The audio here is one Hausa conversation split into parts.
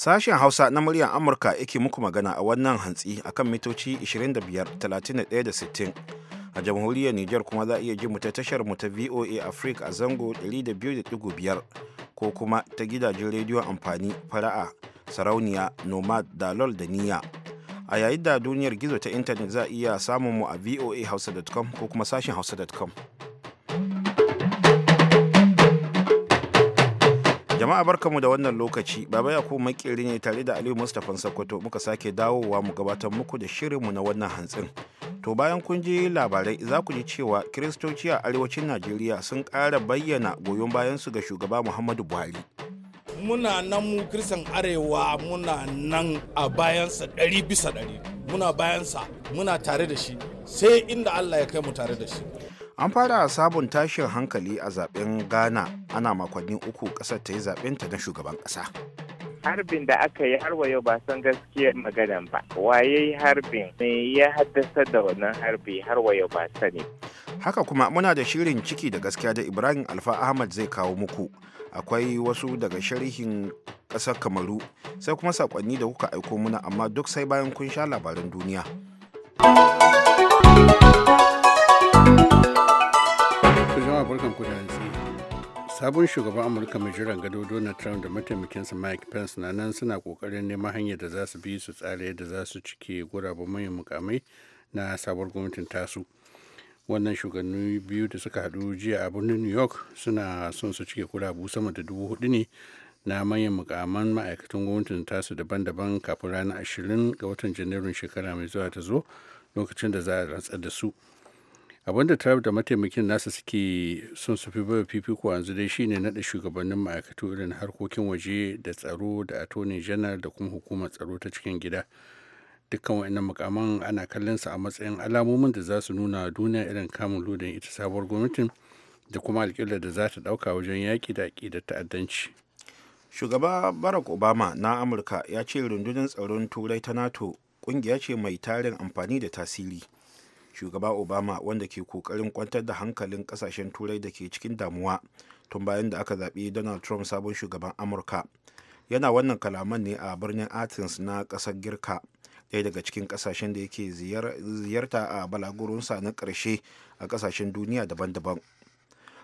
Sashen Hausa na muryar Amurka yake muku magana a wannan hantsi akan mitoci 25, 31 da 60. A jamhuriyar Nijar kuma za a iya ji mu ta tashar mu ta VOA Africa a zango 200.5 ko kuma ta gidajen rediyon amfani fara'a sarauniya nomad dalol da niya A yayin da duniyar gizo ta intanet za a iya samun mu a voahausa.com ko kuma sashen hausa.com. Jama'a barkamu da wannan lokaci, Baba Yakubu makeri ne tare da Aliyu Mustapha Sokoto muka sake dawowa mu gabatar muku da shirin mu na wannan hantsin. To bayan kun ji labarai za ku ji cewa Kiristoci a arewacin Najeriya sun ƙara bayyana goyon bayansu ga shugaba Muhammadu Buhari. Muna nan mu kristan Arewa muna nan a bayansa ɗari bisa ɗari. Muna bayansa muna tare da shi sai inda Allah ya kai mu tare da shi. an fara sabon tashin hankali a zaben ghana ana makonni uku kasar ta yi ta na shugaban kasa harbin da aka yi harwa yau ba san gaskiyar maganan ba waye harbin ne ya haddasa da wannan harbi harwa yau ba sani haka kuma muna da shirin ciki da gaskiya da ibrahim alfa ahmad zai kawo muku akwai wasu daga sharhin ƙasar kamaru sai kuma sakonni da kuka aiko muna amma duk sai bayan kun sha labaran duniya barkan ku da sabon shugaban amurka mai jiran gado donald trump da mataimakinsa mike pence na nan suna kokarin neman hanyar da za su bi su tsara yadda za su cike guraben manyan mukamai na sabuwar gwamnatin tasu wannan shugabanni biyu da suka hadu jiya a birnin new york suna son su cike kurabu sama da dubu hudu ne na manyan mukaman ma'aikatan gwamnatin tasu daban-daban kafin ranar ashirin ga watan janairun shekara mai zuwa ta zo lokacin da za a rantsar da su abinda Trump da mataimakin nasa suke sun sufi bai fifiko yanzu dai shine naɗa shugabannin ma'aikatu irin harkokin waje da tsaro da attorney janar da kuma hukumar tsaro ta cikin gida dukkan wa'annan mukaman ana kallon su a matsayin alamomin da za su nuna duniya irin kamun ludin ita sabuwar gwamnatin da kuma alƙiblar da za ta ɗauka wajen yaƙi da aƙidar ta'addanci shugaba barack obama na amurka ya ce rundunar tsaron turai ta nato ƙungiya ce mai tarin amfani da tasiri shugaba obama wanda ke kokarin kwantar da hankalin kasashen turai da ke cikin damuwa tun bayan da aka zaɓi donald trump sabon shugaban amurka yana wannan kalaman ne a birnin athens na ƙasar girka ɗaya daga cikin ƙasashen da yake ziyarta a balagurunsa na ƙarshe a ƙasashen duniya daban-daban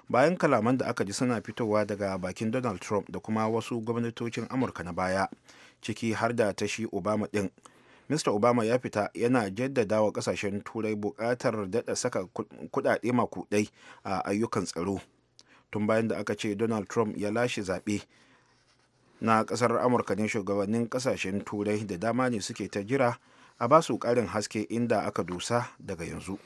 bayan kalaman da aka ji suna fitowa daga bakin donald trump da kuma wasu gwamnatocin amurka na baya ciki har da tashi obama ɗin mr obama ya fita yana jaddada wa kasashen turai buƙatar daɗa saka kuɗaɗe makuɗai a ayyukan tsaro tun bayan da aka ce donald trump ya lashe zaɓe na ƙasar amurka ne shugabannin ƙasashen turai da dama ne suke ta jira a ba su ƙarin haske inda aka dosa daga yanzu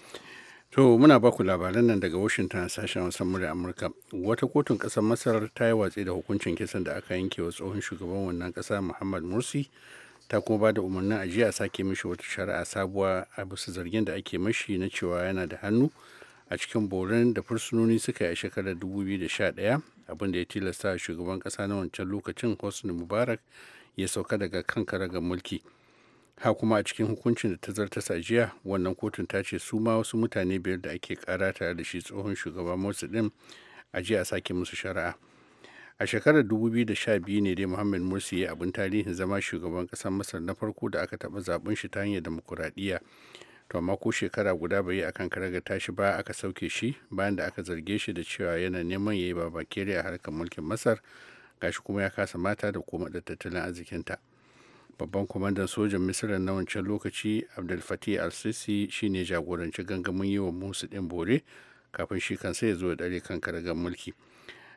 To muna baku labaran nan daga Washington sashen wasan murya Amurka. Wata kotun ƙasar Masar ta yi watsi da hukuncin kisan da aka yanke wa tsohon shugaban wannan ƙasa Muhammad Morsi ta kuma ba da umarnin a jiya a sake mishi wata shari'a sabuwa a bisa zargin da ake mashi na cewa yana da hannu a cikin borin da fursunoni suka yi a shekarar 2011 da ya tilasta shugaban kasa na wancan lokacin hosni mubarak ya sauka daga kan karagar mulki ha kuma a cikin hukuncin da ta zarta a jiya wannan kotun ta ce su ma wasu mutane biyar da ake kara tare da shi tsohon shugaban motsi din a jiya a sake musu shari'a a shekarar 2012 ne dai muhammad morsi ya abin tarihin zama shugaban kasar masar na farko da aka taba zaben shi ta hanyar demokuraɗiyya to amma ko shekara guda bai yi akan karaga tashi ba aka sauke shi bayan da aka zarge shi da cewa yana neman ya yi babakere a harkar mulkin masar gashi kuma ya kasa mata da kuma da tattalin arzikinta babban kwamandan sojan misira na wancan lokaci abdul fatih al-sisi shine jagoranci gangamin yi wa musu ɗin bore kafin shi kansa ya zo da ɗare kan karagar mulki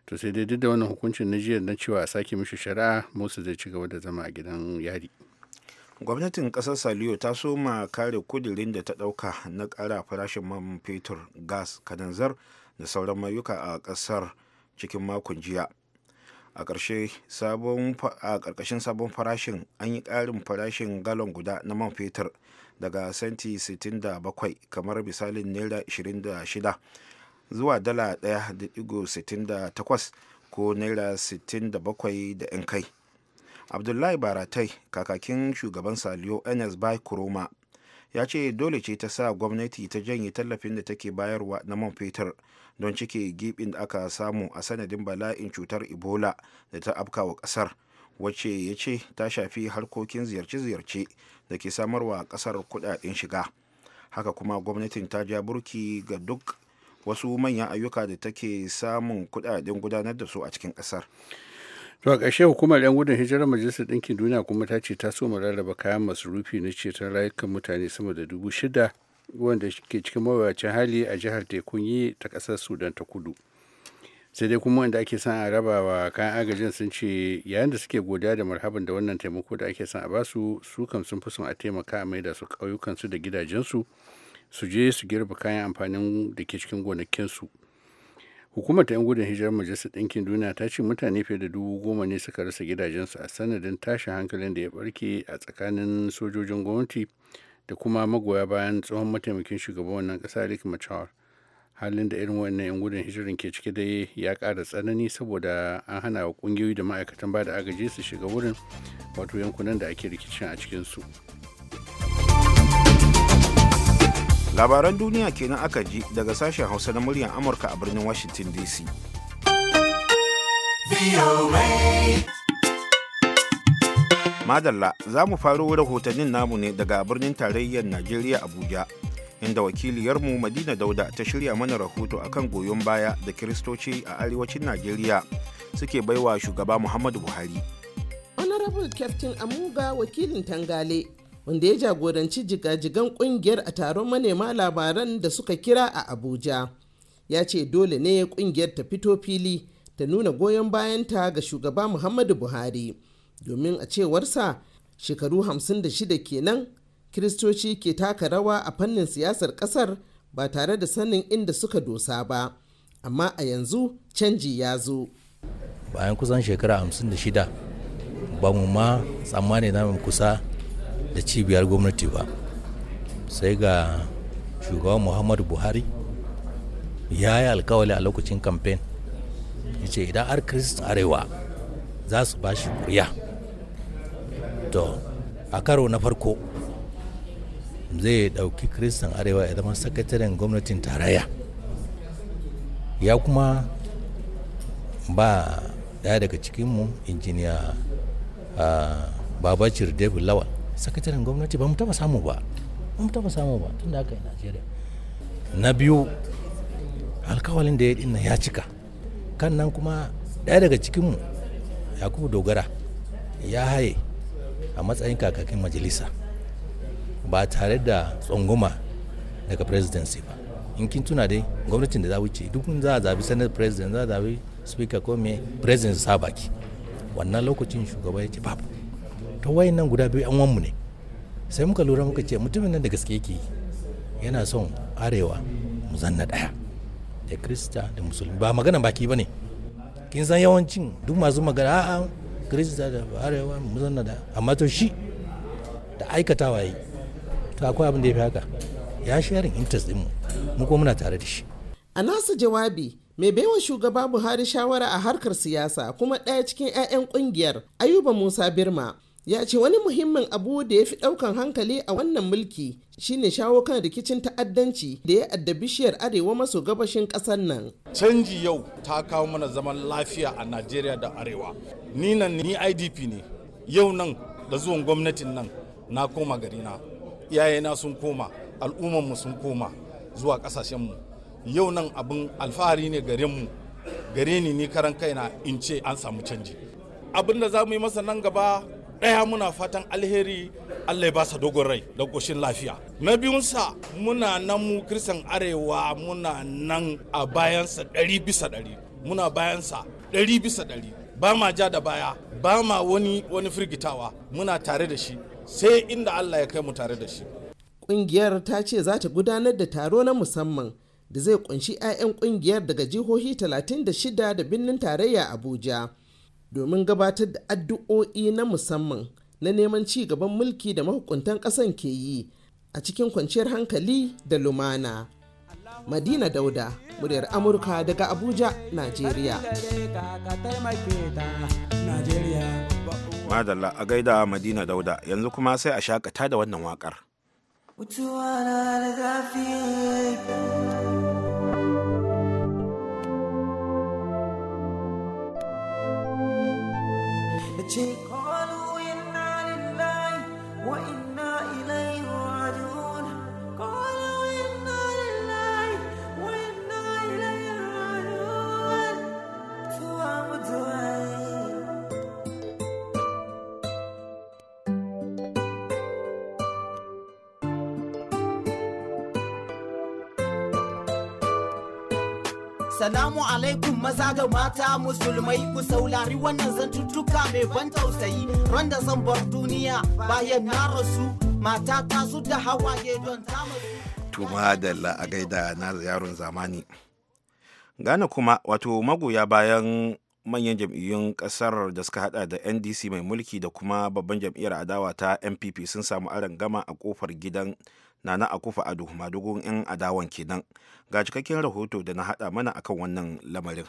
to sai dai duk da wannan hukuncin na jiya na cewa a sake mishi shari'a musu zai ci gaba da zama a gidan yari gwamnatin kasar saliyo ta soma kare kudirin da ta dauka na kara farashin man fetur gas kadanzar da sauran mayuka a kasar cikin makon jiya a ƙarƙashin sabon farashin an yi ƙarin farashin galon guda na man fetur daga senti 67 kamar misalin naira 26 zuwa dala ɗaya da takwas ko naira 67 da bakwai da 'yan kai abdullahi baratai kakakin shugaban saliyo ns by kuroma ya ce dole ce ta sa gwamnati ta janye tallafin da take bayarwa na man fetur don cike gibin da aka samu a sanadin bala'in cutar ebola da ta wa kasar wacce ya ce ta shafi harkokin ziyarce-ziyarce da ke samarwa kasar kuɗaɗen shiga haka kuma gwamnatin ta ja burki ga duk wasu manyan ayyuka da take samun kudaden gudanar da su a cikin kasar to a ƙarshe hukumar 'yan gudun hijirar majalisar ɗinkin duniya kuma ta ce ta so mu rarraba kayan masarufi na ceton rayukan mutane sama da dubu shida wanda ke cikin mawuyacin hali a jihar tekun yi ta ƙasar sudan ta kudu sai dai kuma wanda ake son a raba wa kayan agajin sun ce yayin da suke godiya da marhaban da wannan taimako da ake son a basu su kam sun fi son a taimaka a maida su ƙauyukansu da gidajensu su je su girba kayan amfanin da ke cikin gonakinsu hukumar ta 'yan gudun hijirar majalisar ɗinkin duniya ta ce mutane fiye da dubu goma ne suka rasa gidajensu a sanadin tashin hankalin da ya barke a tsakanin sojojin gwamnati da kuma magoya bayan tsohon mataimakin shugaban wannan ƙasa Rick Machar halin da irin wannan 'yan gudun hijirar ke cike dai ya ƙara tsanani saboda an hana wa ƙungiyoyi da ma'aikatan ba da agaji su shiga wurin wato yankunan da ake rikicin a cikinsu. su labaran duniya kenan aka ji daga sashen hausa na muryar amurka a birnin washington dc madalla za mu faro rahotannin namu ne daga birnin tarayyar najeriya abuja inda wakiliyarmu madina dauda ta shirya mana rahoto akan goyon baya da kiristoci a arewacin najeriya suke baiwa shugaba muhammadu buhari honorable captain amuga wakilin tangale wanda ya jagoranci jigajigan kungiyar a taron manema labaran da suka kira a abuja ya ce dole ne kungiyar ta fito fili ta nuna goyon bayanta ga shugaba muhammadu buhari domin a cewarsa shekaru 56 kenan kiristoci ke taka rawa a fannin siyasar kasar ba tare da sanin inda suka dosa ba amma a yanzu canji ya zo bayan kusan shekara 56 ba mu ma tsammani na kusa da cibiyar gwamnati ba sai ga shugaban muhammadu buhari ya yi alkawali a lokacin kamfen ya ce idan har kristin arewa za su ba shi kuriya to a karo na farko zai dauki kristin arewa ya zama sakataren gwamnatin tarayya ya kuma ba daya daga cikinmu injiniya ah, babacir david lawal sakataren gwamnati ba mu taba samu ba mu taba samu ba tun da aka yi najeriya na biyu alkawalin da ya dinna ya cika kan nan kuma ɗaya daga cikinmu yakubu dogara ya haye a matsayin kakakin majalisa ba tare da tsangoma daga presidency ba in kin tuna dai gwamnatin da za wuce duk za a zabi senate president za a zabi speaker ko me president sa baki wannan lokacin shugaba ya ce babu to wayan nan guda biyu an wanmu ne sai muka lura muka ce mutumin nan da gaske yake yana son arewa mu zanna daya da krista da musulmi ba magana baki bane ne kin san yawancin duk masu magana a'a krista da arewa mu zanna daya amma to shi da aikatawa yi to akwai abin da ya fi haka ya sharing interest din mu mu ko muna tare da shi a nasa jawabi mai baiwa shugaba buhari shawara a harkar siyasa kuma ɗaya cikin 'ya'yan ƙungiyar ayuba musa birma ya ce wani muhimmin abu da ya fi ɗaukan hankali a wannan mulki shine shawo kan rikicin ta'addanci da ya adda bishiyar arewa maso gabashin ƙasar nan canji yau ta kawo mana zaman lafiya a najeriya da arewa ni nan ni idp ne yau nan da zuwan gwamnatin nan na koma garina iyayena sun koma al'ummanmu sun koma zuwa ƙasashenmu yau nan abin alfahari ne garinmu gare ni ni karan kaina in ce an samu canji abin da za mu yi masa nan gaba daya muna fatan alheri allah ya basa dogon rai da ƙoshin lafiya na biyunsa muna nan mu kristan arewa muna nan a bayansa ɗari bisa ɗari muna bayansa ɗari bisa ɗari ba ma ja da baya ba ma wani wani firgitawa muna tare da shi sai inda allah ya kai mu tare da shi kungiyar ta ce za ta gudanar da taro na musamman da zai kunshi 'ya'yan kungiyar daga jihohi 36 da birnin tarayya abuja domin gabatar da addu'o'i na musamman na neman ci gaban mulki da mahukuntan ƙasan ke yi a cikin kwanciyar hankali da lumana. Madina Dauda, muryar Amurka daga Abuja, Najeriya. Madalla a gaida Madina Dauda, yanzu kuma sai a shakata da wannan waƙar. take Salamu alaikum maza ga mata musulmai ku saulari wannan zantuttuka mai ban tausayi randa zan bar duniya bayan na rasu mata ta su da hawaye don ta Tuma da a gaida na yaron zamani. Ghana kuma wato magoya bayan manyan jam'iyyun kasar da suka hada da ndc mai mulki da kuma babban jam'iyyar adawa ta npp sun samu aran gama a kofar gidan nana akufa ado madugun 'yan adawan kenan ga cikakken rahoto da na hada mana akan wannan lamarin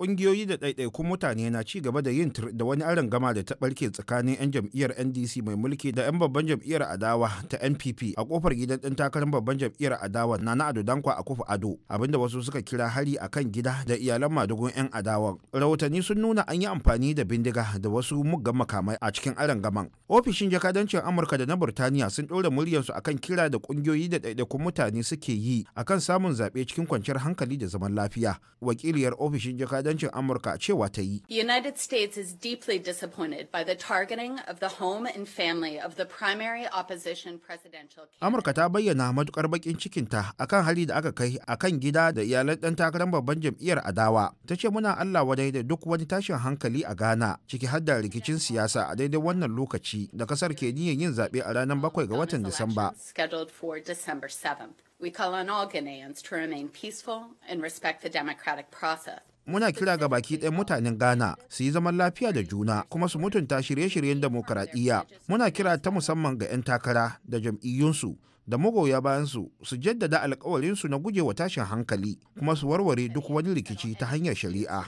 kungiyoyi da ɗaiɗaikun mutane na ci gaba da yin da wani aron gama da ta ɓarke tsakanin 'yan jam'iyyar ndc mai mulki da 'yan babban jam'iyyar adawa ta npp a kofar gidan ɗin takarar babban jam'iyyar adawa na na ado dankwa a kofa ado abinda wasu suka kira hari a kan gida da iyalan madugun 'yan adawa rahotanni sun nuna an yi amfani da bindiga da wasu muggan makamai a cikin aron gaman ofishin jakadancin amurka da na burtaniya sun ɗora muryarsu akan kira da kungiyoyi da ɗaiɗaikun mutane suke yi akan samun zaɓe cikin kwanciyar hankali da zaman lafiya wakiliyar ofishin jakadancin jakadancin Amurka cewa ta yi. United States is deeply disappointed by the targeting of the home and family of the primary opposition presidential Amurka ta bayyana matukar bakin cikinta akan hali da aka kai akan gida da iyalan dan takarar babban jam'iyyar adawa. Ta ce muna Allah wadai da duk wani tashin hankali a Ghana ciki har da rikicin siyasa a daidai wannan lokaci da kasar ke niyyar yin zaɓe a ranar bakwai ga watan Disamba. We call on all Ghanaians to remain peaceful and respect the democratic process. muna kira ga baki ɗayan mutanen ghana su yi zaman lafiya da juna kuma su mutunta shirye-shiryen demokaradiyya muna kira ta musamman ga 'yan takara da jam'iyyunsu da magoya bayansu su jaddada alkawarinsu na guje wa tashin hankali kuma su warware duk wani rikici ta hanyar shari'a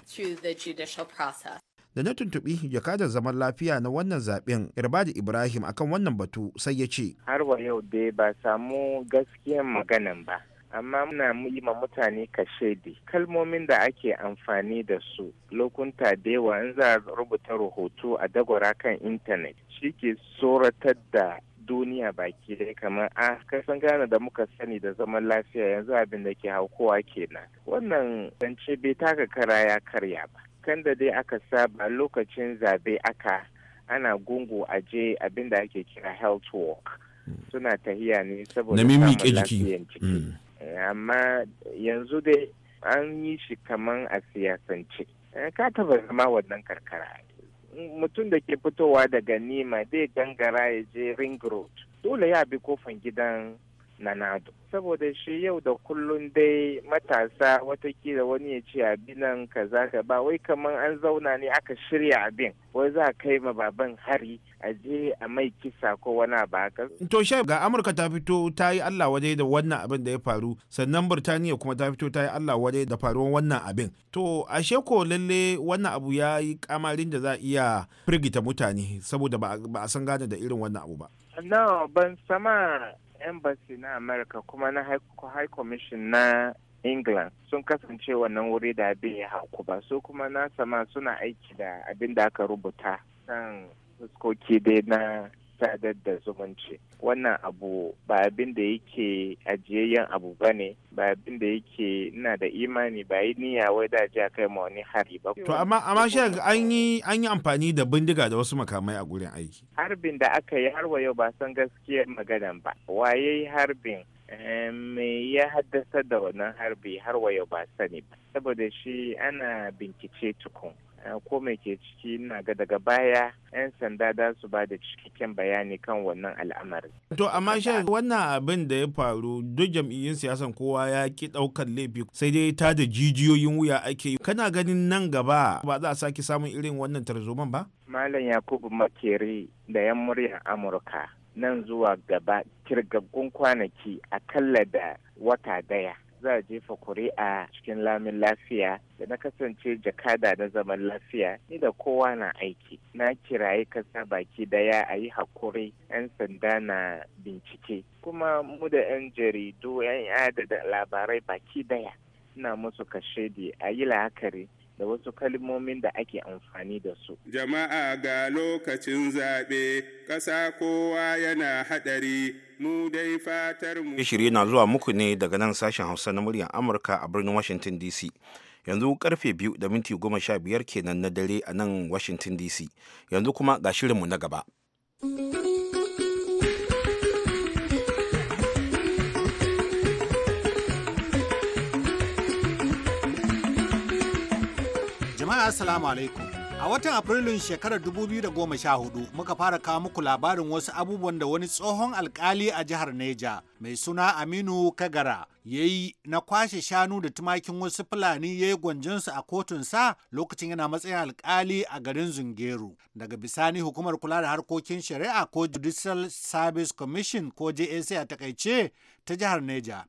da na tuntuɓi jakadar zaman lafiya na wannan zaɓen irbadi ibrahim akan wannan batu sai ya ce har wa yau dai ba samu gaskiyan maganan ba amma muna yi ma mutane kashedi kalmomin da ake amfani da su lokunta da yawa in za a rubuta rahoto a dagwara kan intanet shi ke tsoratar da duniya baki dai kamar a kasan gane da muka sani da zaman lafiya yanzu abin da ke haukowa kenan wannan zance bai taka kara ya karya ba kan da dai aka saba lokacin zabe aka ana gungu a je abin da ake kira health work, hmm. suna tahiya ne saboda samun lafiyan ciki hmm. Eh, amma yanzu dai an yi shi kaman a siyasance eh, ka taba zama wannan karkara mutum da ke fitowa daga nima dai gangara ya je ring road dole ya bi kofan gidan na nato saboda shi yau da kullun dai matasa watakila wani ya ce abinan nan ka ba wai kamar an zauna ne aka shirya abin wai za a kai ma baban hari a je a mai kisa ko wani ba haka. to sha ga amurka ta fito ta yi allah waje da wannan abin da ya faru sannan birtaniya kuma ta fito ta yi allah waje da faruwan wannan abin to ashe ko lalle wannan abu ya yi kamarin da za a iya firgita mutane saboda ba a san gane da irin wannan abu ba. No, ban sama embassy na america kuma na high commission na england sun kasance wannan wuri da abin ya hauku ba su kuma na sama suna aiki da abin da aka rubuta kan fuskoki dai na sadar da zumunci wannan abu ba abin da yake ajiyayyen abu ba ne ba abin da yake ina da imani ba yi niyya wai da ji kai ma wani hari ba. to amma shi an yi an yi amfani da bindiga da wasu makamai a gurin aiki. harbin da aka yi har yau ba san gaskiyar magana ba waye harbin me ya haddasa da wannan harbi har yau ba sani ba saboda shi ana bincike tukun. ko mai ke ciki na ga daga baya 'yan sanda za su ba da cikakken bayani kan wannan al'amarin. To amma shi wannan abin da ya faru duk jam'iyyun siyasan kowa ya ki ɗaukar laifi sai dai ta da jijiyoyin wuya ake yi. Kana ganin nan gaba ba za a sake samun irin wannan tarzoman ba? Malam Yakubu Makeri da 'yan muryar Amurka nan zuwa gaba kirgaggun kwanaki a akalla da wata daya za a jefa a cikin lamin lafiya da na kasance jakada na zaman lafiya ni da kowa na aiki na kiraye kasa baki daya a yi hakuri 'yan sanda na bincike kuma mu da 'yan jaridu 'yan yada da labarai baki daya na musu kashedi a yi la'akari da wasu kalmomin da ake amfani da su. Jama'a ga lokacin zaɓe, ƙasa kowa yana haɗari, mu dai fatar mu. Shirye na zuwa muku ne daga nan sashen Hausa na muryar Amurka a birnin Washington DC. Yanzu karfe biyu da minti goma sha biyar kenan na dare a nan Washington DC. Yanzu kuma ga shirinmu na gaba. Assalamu alaikum. A watan Afrilun shekarar 2014 muka fara kawo muku labarin wasu abubuwan da wani tsohon alkali a jihar Neja mai suna Aminu Kagara ya yi na kwashe shanu da tumakin wasu Fulani ya yi gwanjinsu a kotunsa lokacin yana matsayin alkali a garin Zungeru. Daga bisani hukumar kula da harkokin shari'a ko Judicial Service Commission ko JSA a takaice ta jihar Neja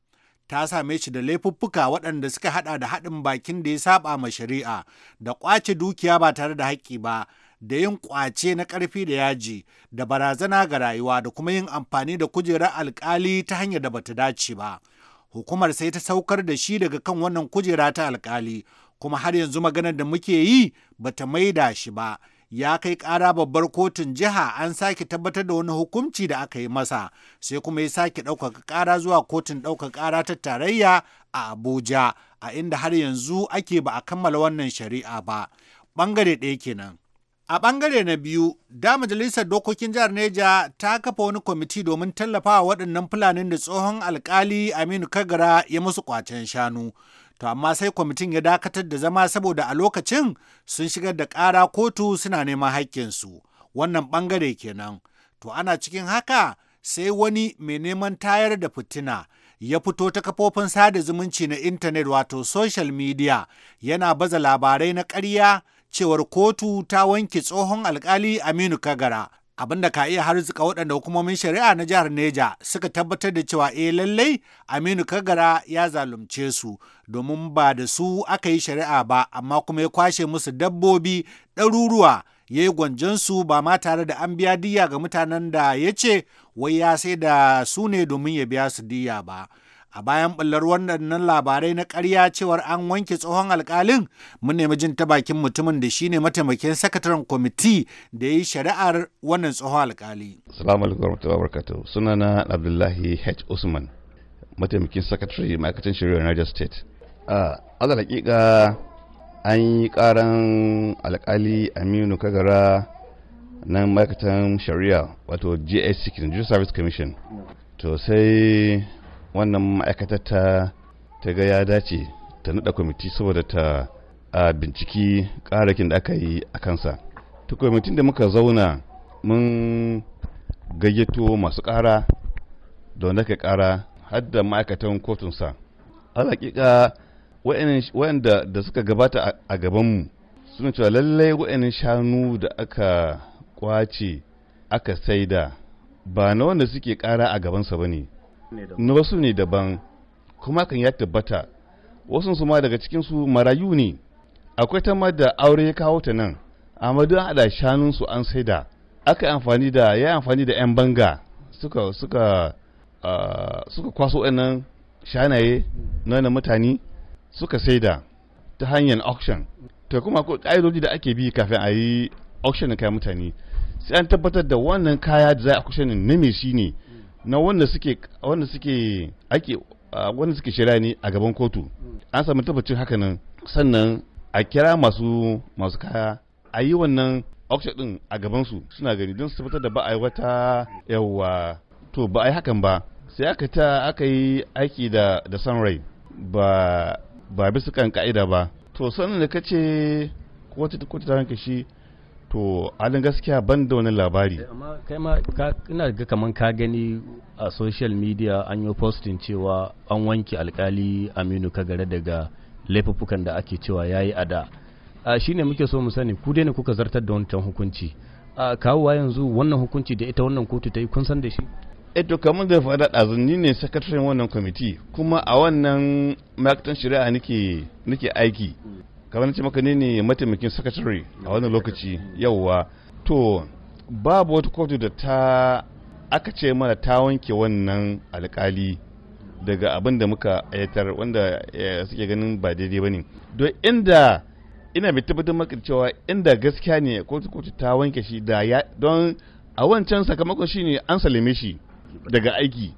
ta same shi da laifuffuka waɗanda suka haɗa da haɗin bakin da ya saba ma shari'a da ƙwace dukiya ba tare da haƙƙi ba da yin ƙwace na ƙarfi da yaji da barazana ga rayuwa da kuma yin amfani da kujerar alkali ta hanyar da bata dace ba hukumar sai ta saukar da shi daga kan wannan kujera ta alkali kuma har yanzu maganar da muke yi bata maida shi ba ya kai ƙara babbar kotun jiha an sake tabbatar da wani hukunci da aka yi masa sai kuma ya sake ɗaukaka ƙara zuwa kotun ɗaukaka ƙara ta tarayya a abuja a inda har yanzu ake ba a kammala wannan shari'a ba ɓangare ɗaya kenan a ɓangare na biyu da majalisar dokokin jihar neja ta kafa wani kwamiti domin tallafawa waɗannan fulanin da tsohon alkali aminu kagara ya musu kwacen shanu to amma sai kwamitin ya dakatar da zama saboda a lokacin sun shigar da ƙara kotu suna neman haƙƙinsu wannan ɓangare kenan to ana cikin haka sai wani mai neman tayar da fitina ya fito ta kafofin sada zumunci na intanet wato social media yana baza labarai na ƙarya cewar kotu ta wanke tsohon alkali Aminu Kagara abinda ka iya harzuka waɗanda hukumomin shari'a na jihar Neja suka tabbatar da cewa eh lallai Aminu Kagara ya zalunce su domin ba da su aka yi shari'a ba amma kuma ya kwashe musu dabbobi ɗaruruwa ya yi gwanjansu ba ma tare da an biya diya ga mutanen da ya ce wai ya sai da su ne domin ya biya su diya ba. a bayan ɓullar wannan labarai na ƙarya cewar an wanke tsohon alkalin mun nemi jin ta bakin mutumin da shine mataimakin sakataren kwamiti da ya yi shari'ar wannan tsohon alkali. Salamu alaikum warahmatullahi wabarakatuh. Sunana Abdullahi H. Usman, mataimakin sakatare ma'aikatan na Niger State. A azal hakika an yi karan alkali Aminu Kagara na ma'aikatan shari'a wato JSC, Judicial Service Commission. To sai wannan ma'aikatar ta ta ga ya dace ta naɗa kwamiti saboda ta a binciki ƙarakin da aka yi a kansa ta kwamitin da muka zauna mun gayyato masu ƙara da wanda ka ƙara har da ma'aikatan kotunsa alaƙiƙa waanda da suka gabata a gabanmu suna cewa lallai waɗannan shanu da aka kwace aka saida ba na wanda suke ƙara a gabansa ba ne na wasu ne daban kuma kan ya tabbata wasu su ma daga cikinsu marayu ne akwai ta da aure ya kawo ta nan amma don haɗa shanunsu an saida aka amfani da ya amfani da 'yan banga suka suka suka kwaso wannan shanaye na mutane suka saida ta hanyar auction ta kuma ko ƙa'idoji da ake bi kafin a yi auction na kayan mutane sai an tabbatar da wannan kaya da za a ne na me shi ne na wanda suke wanda suke ake wanda suke shari'a ne a gaban kotu hmm. an samu tabbacin nan sannan a kira masu masu kaya a yi wannan auction din a gaban su suna gani don su tabbatar da ba a yi wata yawa to ba a yi hakan ba sai aka ta aka yi aiki da da sunray ba ba bisa kan ka'ida ba to sannan da kace kotu kotu ta ranka shi to alin gaskiya ban da wani labari eh, amma kai ma ina ga kaman ka gani a social media an yi posting cewa an wanke alkali aminu kagare daga laifuffukan da ake cewa ya yi a da shine muke so mu sani ku dai ne kuka zartar da wancan hukunci a kawowa yanzu wannan hukunci da ita wannan kotu ta yi kun san da shi eto eh, kamar da faɗa ɗazunni ne sakataren wannan kwamiti kuma a wannan maktan shari'a nake aiki kamar ce maka ne ne mataimakin secretary a wani lokaci yauwa to babu wata kotu da ta aka ce mana ta wanke wannan alkali daga abin da muka ayatar wanda eh, suke ganin ba daidai ba ne don inda ina mai tabbatar maka cewa inda gaskiya ne kotu kotu ta wanke shi da ya don a wancan sakamakon shi ne an salime shi daga aiki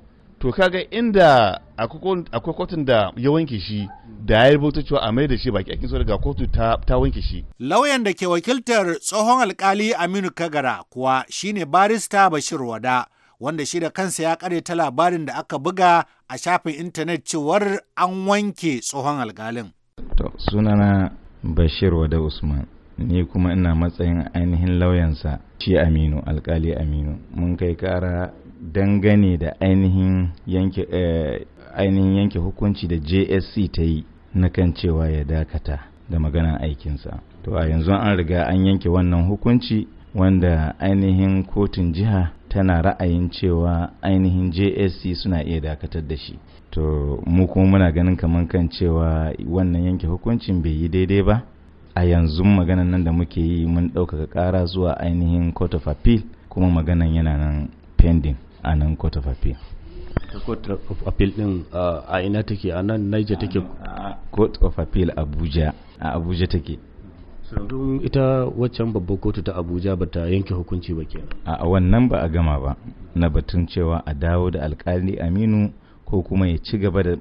to kaga inda akwai kotun da ya wanke shi da ya rubuta cewa a mai da shi baki daga kotu ta, wanke shi. Lauyan da ke wakiltar tsohon alkali Aminu Kagara kuwa shine barista Bashir Wada wanda shi da kansa ya kare ta labarin da aka buga a shafin intanet cewar an wanke tsohon alkalin. To sunana Bashir Wada Usman ni kuma ina matsayin ainihin lauyansa shi Aminu alkali Aminu mun kai kara dangane da ainihin yanke eh, ainihin yanke hukunci da JSC ta yi na kan cewa ya dakata da maganan aikinsa to a yanzu an riga an yanke wannan hukunci wanda ainihin kotun jiha tana ra'ayin cewa ainihin JSC suna iya dakatar da shi to mu kuma muna ganin kamar kan cewa wannan yanke hukuncin bai yi daidai ba a yanzu maganan nan da muke yi mun ɗaukaka ƙara zuwa ainihin court of appeal kuma maganan yana nan pending a nan court of appeal ta court of appeal din a ina take a nan niger take court of appeal abuja a abuja take don ita waccan babbar kotu ta abuja ba ta yanke hukunci ba ke. a wannan ba a gama ba na batun cewa a dawo da alkali aminu ko kuma ya ci gaba da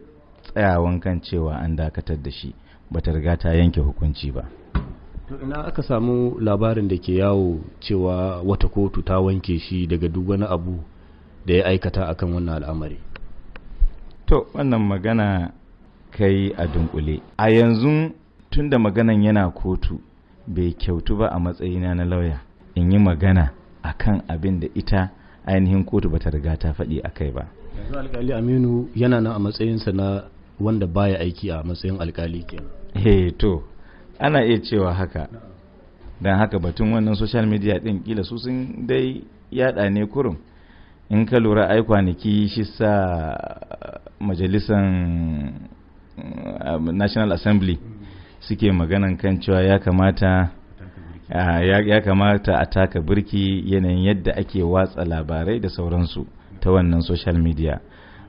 tsayawan kan cewa an dakatar da shi ba ta riga ta yanke hukunci ba to ina aka samu labarin da ke yawo cewa wata kotu ta wanke shi daga duk wani abu da ya aikata a kan wannan al'amari to wannan magana kai a dunkule a yanzu tun da maganan yana kotu bai kyautu ba a matsayina na lauya in yi magana a kan abin da ita ainihin kotu bata riga ta faɗi a kai ba yanzu alkali aminu yana nan a matsayinsa na wanda baya aiki a matsayin alkali kenan eh to ana iya cewa haka don haka batun wannan social media din kila su sun dai yada ne kurum in ka lura ai kwanaki shi sa uh, majalisan uh, national assembly suke maganan kan cewa ya kamata uh, ya kamata a taka birki yanayin yadda ake watsa labarai da sauransu ta wannan social media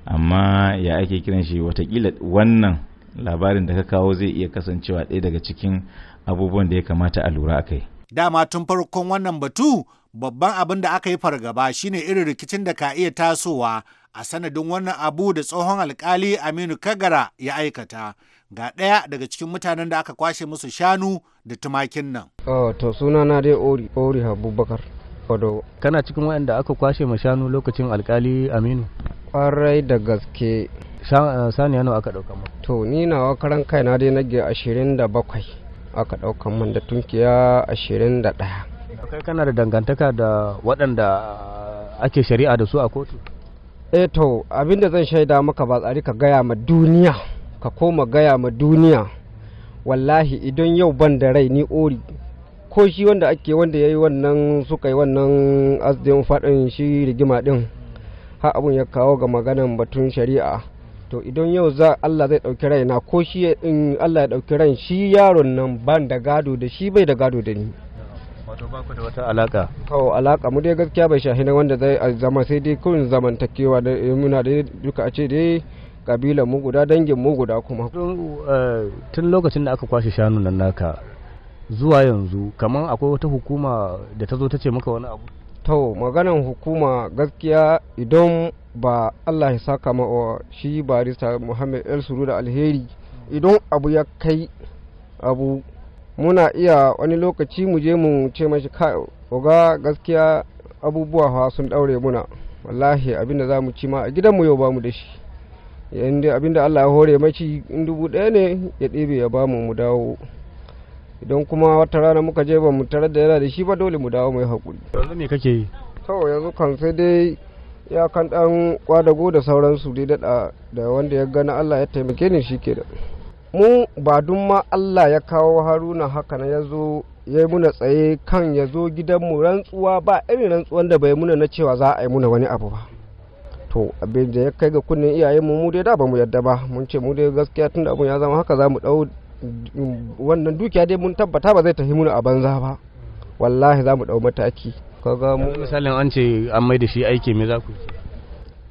amma ya ake kiran shi watakila wannan labarin da ka kawo zai iya kasancewa ɗaya daga cikin abubuwan da ya kamata a lura a kai dama tun farkon wannan batu babban abin da aka yi fargaba shine irin rikicin da ka iya tasowa a sanadin wannan abu da tsohon alkali aminu kagara ya aikata ga ɗaya daga cikin mutanen da aka kwashe musu shanu da tumakin nan ah, to suna na dai ori ori abubakar kana cikin waɗanda aka kwashe ma shanu lokacin alkali aminu kwarai da gaske ah, saniya nawa aka ɗauka ma to ni nawa karan na dai nage ashirin da bakwai aka ɗauka man da tunkiya ashirin da ɗaya kai kana da dangantaka da waɗanda ah, ake shari'a da su a kotu eh to abinda zan shaida maka ba tsari ka gaya ma duniya ka koma gaya ma duniya wallahi idan yau ban da rai ni ori ko shi wanda ake wanda ya yi wannan suka yi wannan azdin faɗin shi rigima ɗin har abun ya kawo ga maganan batun shari'a to idan yau za Allah zai ɗauki raina ko shi in Allah ya ɗauki rai shi yaron nan ban da gado da shi bai da gado da ni wato ba ku da wata alaka to alaka mu dai gaskiya bai shahi na wanda zai zama sai dai kun zamantakewa da eh, muna dai duka a ce dai kabilan mu guda dangin mu guda kuma eh, tun lokacin da aka kwashe shanu nan naka zuwa yanzu kamar akwai wata hukuma da ta zo ta ce maka wani abu to maganan hukuma gaskiya idan ba Allah ya saka ma oh, shi barista Muhammad El Suru da alheri idan abu ya kai abu muna iya wani lokaci mu je mu ce mashi oga gaskiya abubuwa fa sun daure muna wallahi abinda za mu ci ma a gidanmu yau ba mu da shi yadda abinda Allah ya hore maci in dubu ɗaya ne ya ɗebe ya bamu mu dawo idan kuma wata rana muka je ba mu tarar da yana da shi ba dole mu dawo mai haƙuri yanzu me kake yi to yanzu kan sai dai ya kan dan kwadago da sauransu dai da wanda ya gana Allah ya taimake ni shi ke da mu ba dun ma Allah ya kawo haruna haka na ya zo ya yi muna tsaye kan ya zo gidanmu rantsuwa ba irin rantsuwan da bai muna na cewa za a yi muna wani abu ba to abin da ya kai ga kunnen iyayenmu mu dai da ba mu yadda ba mun ce mu dai gaskiya tunda abun ya zama haka za mu dau wannan dukiya dai mun tabbata ba zai tafi muna a banza ba wallahi za mu dau mataki kaga mu misalin an ce an mai da shi aiki me za ku yi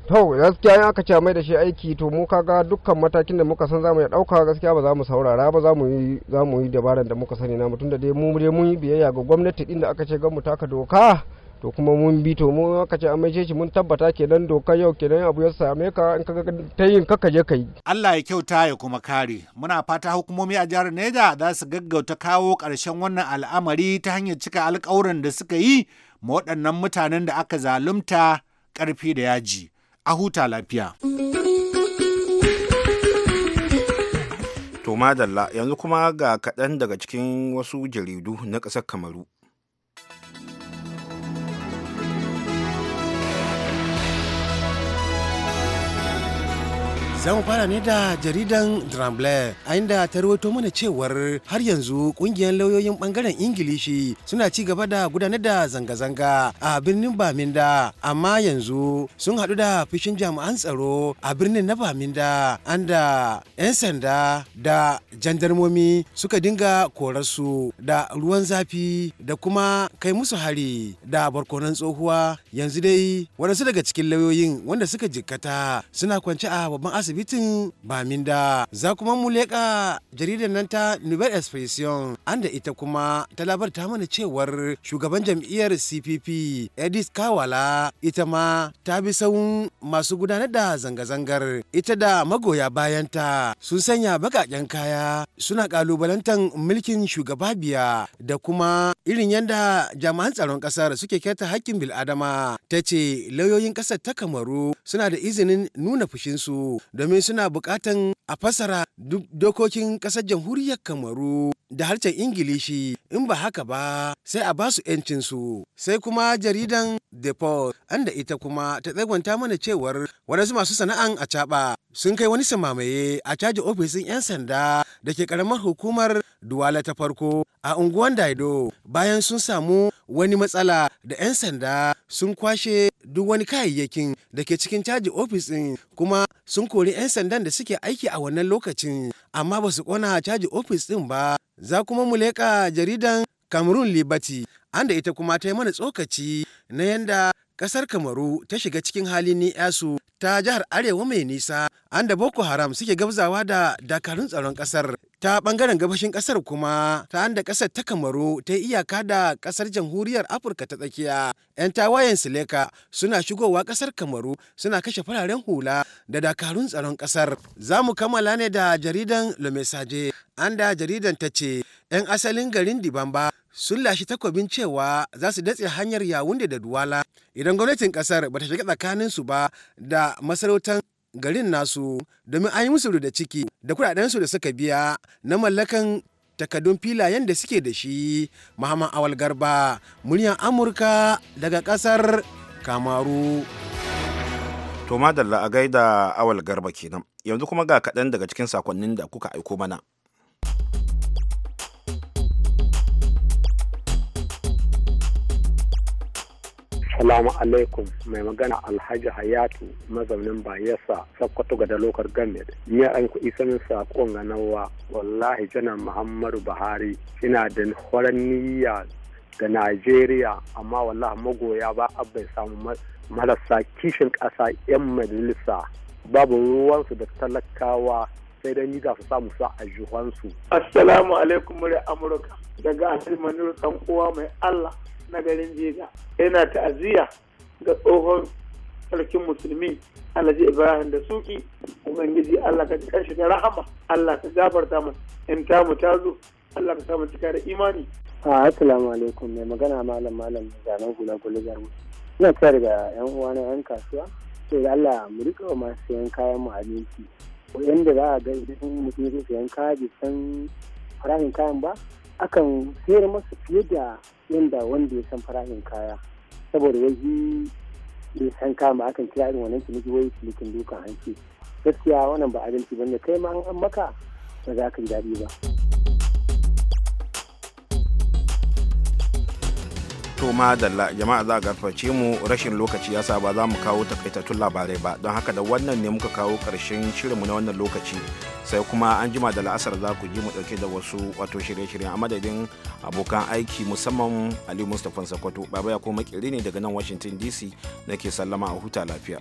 to gaskiya in aka ce mai da shi aiki to mu kaga dukkan matakin da muka san zamu ya dauka gaskiya ba za mu saurara ba za mu yi za mu yi dabaran da muka sani na mutum da dai mu dai mun yi biyayya ga gwamnati din da aka ce mu taka doka to kuma mun bi to mu aka ce shi mun tabbata kenan doka yau kenan abu ya same ka in kaga ta yin kaka je kai Allah ya kyauta ya kuma kare muna fata hukumomi a jihar Neja za su gaggauta kawo karshen wannan al'amari ta hanyar cika alƙawuran da suka yi ma waɗannan mutanen da aka zalunta ƙarfi da yaji. a huta lafiya. To madalla yanzu kuma ga kaɗan daga cikin wasu jaridu na ƙasar Kamaru. za mu fara ne da jaridan dramble a inda ta rawaito mana cewar har yanzu kungiyar lauyoyin bangaren Ingilishi suna ci gaba da gudanar da zanga-zanga a birnin Baminda amma yanzu sun haɗu da fushin jami'an tsaro a birnin na Baminda anda 'yan sanda da jandarmomi suka dinga korarsu da ruwan zafi da kuma kai musu hari da barkonan tsohuwa yanzu dai waɗansu daga cikin lauyoyin wanda suka jikkata suna kwance a babban asibiti asibitin Baminda. Za kuma mu leƙa jaridar nan ta Nouvelle Expression an da ita kuma ta labarta mana cewar shugaban jam'iyyar CPP Edith Kawala ita ma ta bi sahun masu gudanar da zanga-zangar ita da magoya bayanta sun sanya baƙaƙen kaya suna ƙalubalantar mulkin shugaba biya da kuma irin yadda jami'an tsaron ƙasar suke keta hakkin bil'adama ta ce lauyoyin ƙasar ta kamaru suna da izinin nuna fushinsu da domin suna bukatan a fasara duk dokokin ƙasar jamhuriyar kamaru da harshen ingilishi in ba haka ba sai a basu su sai kuma jaridan the post anda ita kuma ta tsagwanta mana cewar wadansu masu sana'an a caɓa sun kai wani samamaye a caji ofisin 'yan sanda da ke karamar hukumar duwala ta farko a unguwan daido bayan sun samu wani matsala da 'yan sanda sun kwashe duk wani kayayyakin da ke cikin caji ofisin kuma sun kori 'yan sandan da suke aiki a wannan lokacin amma ba su kona caji ofis din ba za kuma mu leƙa jaridan cameroon liberty an da ita kuma ta yi mana tsokaci na yanda Ƙasar Kamaru ta shiga cikin halin ni'yasu ta jihar Arewa mai nisa, an da Boko Haram suke gabzawa da dakarun tsaron ƙasar. Ta bangaren gabashin ƙasar kuma ta da ƙasar ta Kamaru ta iyaka da ƙasar jamhuriyar Afirka ta tsakiya. 'Yan tawayen Sileka suna shigowa ƙasar Kamaru suna kashe fararen hula da dakarun tsaron ƙasar. Za mu kammala ne da jaridan lomesaje anda an da jaridan ta ce 'yan asalin garin Dibamba sun lashe takobin cewa za su datse hanyar yawunde da duwala idan gwamnatin kasar ba ta shiga su ba da masarautar garin nasu domin an yi musu da ciki da kudaden su da suka biya na mallakan takardun filayen da suke da shi muhammad awal garba muryar amurka daga kasar kamaru to madalla a gaida awal garba kenan yanzu kuma ga kaɗan daga cikin sakonnin da kuka aiko mana Assalamu alaikum mai magana Alhaji Hayatu mazaunin Bayelsa Sokoto ga dalokar Gamet. Ni an ku isa min sakon ga nawa wallahi janar Muhammadu Buhari ina da horon niyya ga Najeriya amma wallahi magoya ba bai samu marasa kishin ƙasa 'yan majalisa babu ruwansu da talakawa sai dai ni za su samu sa a juhansu. Assalamu alaikum murya Amurka daga Alhaji Manuru uwa mai Allah na garin jega yana ta'aziyya ga tsohon sarkin musulmi alhaji ibrahim da suki ubangiji allah ka shi da rahama allah ka gafarta mu in ta mu ta zo allah ka mu cika da imani assalamu alaikum mai magana malam malam zanen hula da mu ina ta daga yan uwa na yan kasuwa to da allah mu rika wa masu sayan kayan mu abinci wanda za a ga idan mutum ya sayan kaya bai san farashin kayan ba akan sayar masa fiye da yadda wanda ya san farahin kaya saboda waje bai san kama akan kira irin wannan ciniki wai cinikin dukan hanci gaskiya wannan ba abinci bane kai ma an maka ba za ka yi daɗi ba. to madalla jama'a za a garface mu rashin lokaci ya sa ba za mu kawo takaitattun labarai ba don haka da wannan ne muka kawo karshen shirinmu na wannan lokaci sai kuma an jima da la'asar za ku ji mu dauke da wasu wato shirye-shiryen a madadin abokan aiki musamman ali mustapha sakwato baba ya koma kiri ne daga nan washington dc nake sallama a huta lafiya.